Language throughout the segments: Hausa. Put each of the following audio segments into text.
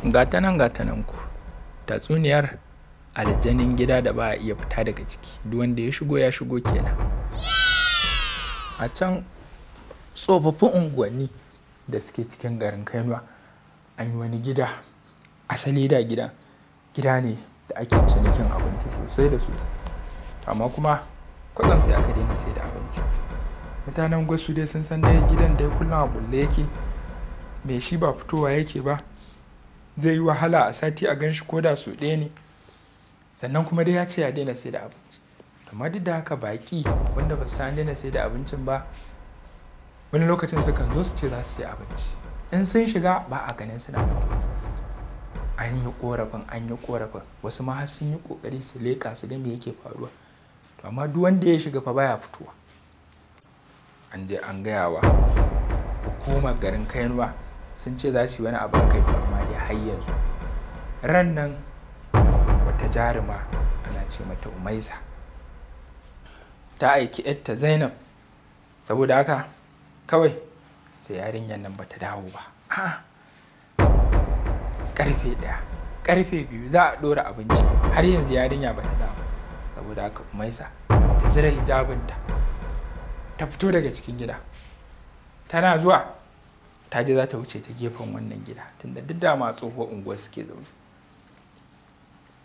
gatanan gatanan ku tatsuniyar aljanin gida da ba a iya fita daga ciki duk wanda ya shigo ya shigo kenan a can tsofaffin unguwanni da suke cikin garin kainuwa an yi wani gida asali da gida gida ne da ake cinikin abinci sosai da sosai amma kuma kwatsam sai aka daina sai da abinci mutanen gwasu dai sun san dai gidan ya kullum a bulle yake mai shi ba fitowa yake ba zai yi wahala a sati a gan shi ko da su ɗaya ne sannan kuma dai ya ce ya daina sai da abinci amma duk da haka baki wanda ba san daina sai da abincin ba wani lokacin su kan zo su ce za su sai abinci in sun shiga ba a ganin suna ba an yi korafin an yi korafin wasu ma har sun yi kokari su leka su ga me yake faruwa to amma duk wanda ya shiga fa baya fitowa an je an gaya wa hukumar garin kainuwa sun ce za su yi wani abu kai amma har yanzu ran nan wata jaruma ana ce mata umaisa ta aiki yarta zainab saboda haka kawai sai yarinyar nan bata dawo ba karfe ɗaya karfe biyu za a ɗora abinci har yanzu yarinya bata dawo saboda haka umaiza ta zira hijabinta ta fito daga cikin gida tana zuwa ta je za ta wuce ta gefen wannan gida tunda duk dama tsohuwar unguwar suke zaune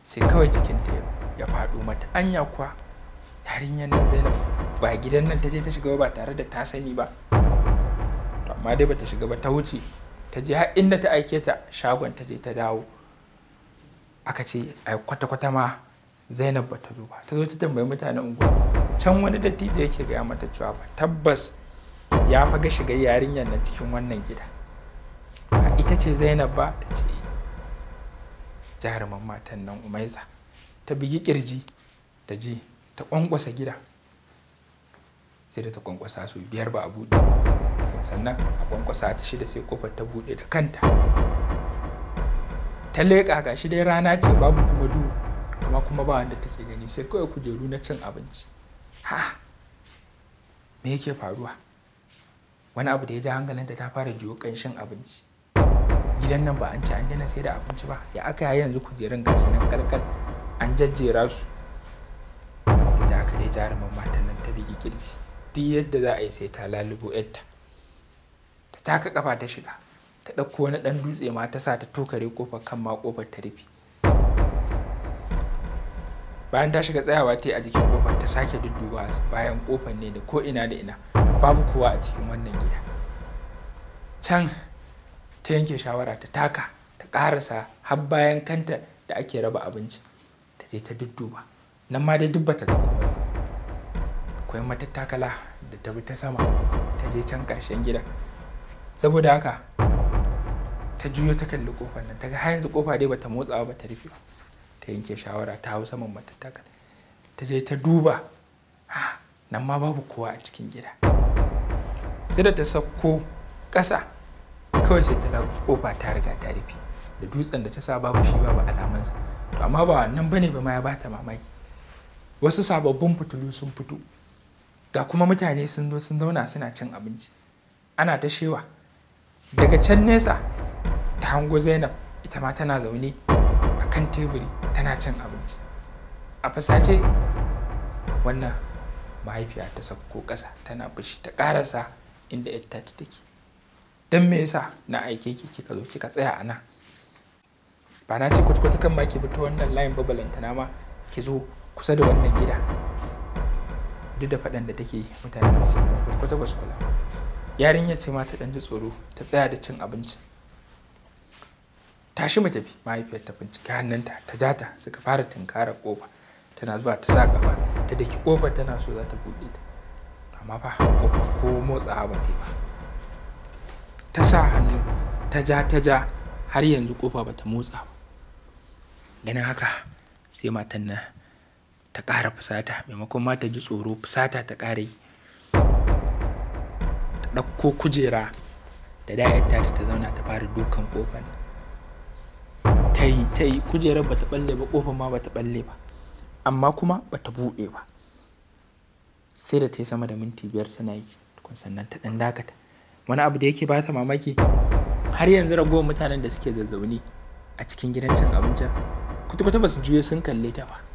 sai kawai ta ya faɗo mata anya kuwa yarinyar nan zainab ba gidan nan ta je ta shiga ba tare da ta sani ba amma dai bata shiga ba ta wuce ta je har inda ta aike ta shagon ta je ta dawo aka ce a kwata-kwata ma zainab ba ta zo ba ta zo ta tambayi mutanen unguwa can wani dattijo yake gaya mata cewa ba tabbas ya faga shiga yarinyar na cikin wannan gida ita ce zainab ba ta ce jaruman matan nan umaiza ta bigi kirji ta je ta kwankwasa gida sai da ta kwankwasa su biyar ba a buɗe sannan a kwankwasa ta shida sai kofar ta buɗe da kanta ta leƙa ga shi dai rana ce babu kuma duhu amma kuma ba wanda take gani sai kawai kujeru na cin abinci ha me yake faruwa wani abu da ya ja hankalinta ta fara jiyo kanshin abinci gidan nan ba an ci an daina sai da abinci ba ya aka yi yanzu kujerun gasu nan kalkal an jajjera su da aka dai jaruman matan nan ta bigi kirji duk yadda za a yi sai ta lalubo yadda ta taka kafa ta shiga ta ɗauko wani ɗan dutse ma ta sa ta tokare kofar kan ma kofar ta rufe bayan ta shiga tsayawa ta yi a jikin kofar ta sake dudduba bayan kofar ne da ko ina da ina babu kowa a cikin wannan gida can ta yanke shawara ta taka ta karasa har bayan kanta da ake raba abinci ta je ta dudduba nan ma dai dubba ta zama akwai matattakala da ta bi ta sama ta je can ƙarshen gida saboda haka ta juyo ta kalli kofar nan ta ga har yanzu kofa dai bata motsawa ba ta rufe ta yanke shawara ta hau saman matattaka. ta je ta duba nan ma babu kowa a cikin gida sai da ta sauko ƙasa kawai sai ta kofa ta riga ta rufe da dutsen da ta sa babu shi babu alamansa to amma ba wannan bane ba ma ya bata mamaki wasu sababbin fitilu sun fito ga kuma mutane sun zo sun zauna suna cin abinci ana ta shewa daga can nesa ta hango zainab ita ma tana zaune kan teburi tana cin abinci a fasace wannan mahaifiya ta sauko ƙasa tana fushi ta ƙarasa inda yadda ta take don me yasa na aike ki kika zo kika tsaya a nan ba na ce kwatkwata kan ma ki bi ta wannan layin na ma ki zo kusa da wannan gida duk da faɗan da take yi mutane da su kwatkwata ba su kula yarinyar ce mata ta ɗan ji tsoro ta tsaya da cin abinci tashi mu tafi mahaifiyar ta bincike hannunta ta ta suka fara tunkara kofa tana zuwa ta sa gaba ta daki kofar tana so za ta buɗe ta amma fa kofa ko motsawa ba ta ba ta sa hannu ta ja ta ja har yanzu kofa ba ta motsa ba ganin haka sai matan na ta ƙara fusata maimakon ma ta ji tsoro fusata ta ƙara yi ta ɗauko kujera da da'yarta ta zauna ta fara dukan kofar ta yi ta yi kujerar bata balle ba kofar ma bata balle ba amma kuma bata buɗe ba sai da ta yi sama da minti biyar tana yi tukun sannan ta ɗan dakata wani abu da yake bata mamaki har yanzu ragowar mutanen da suke zazzauni a cikin gidan cin abinci kwata kuta ba su juye sun kalle ta ba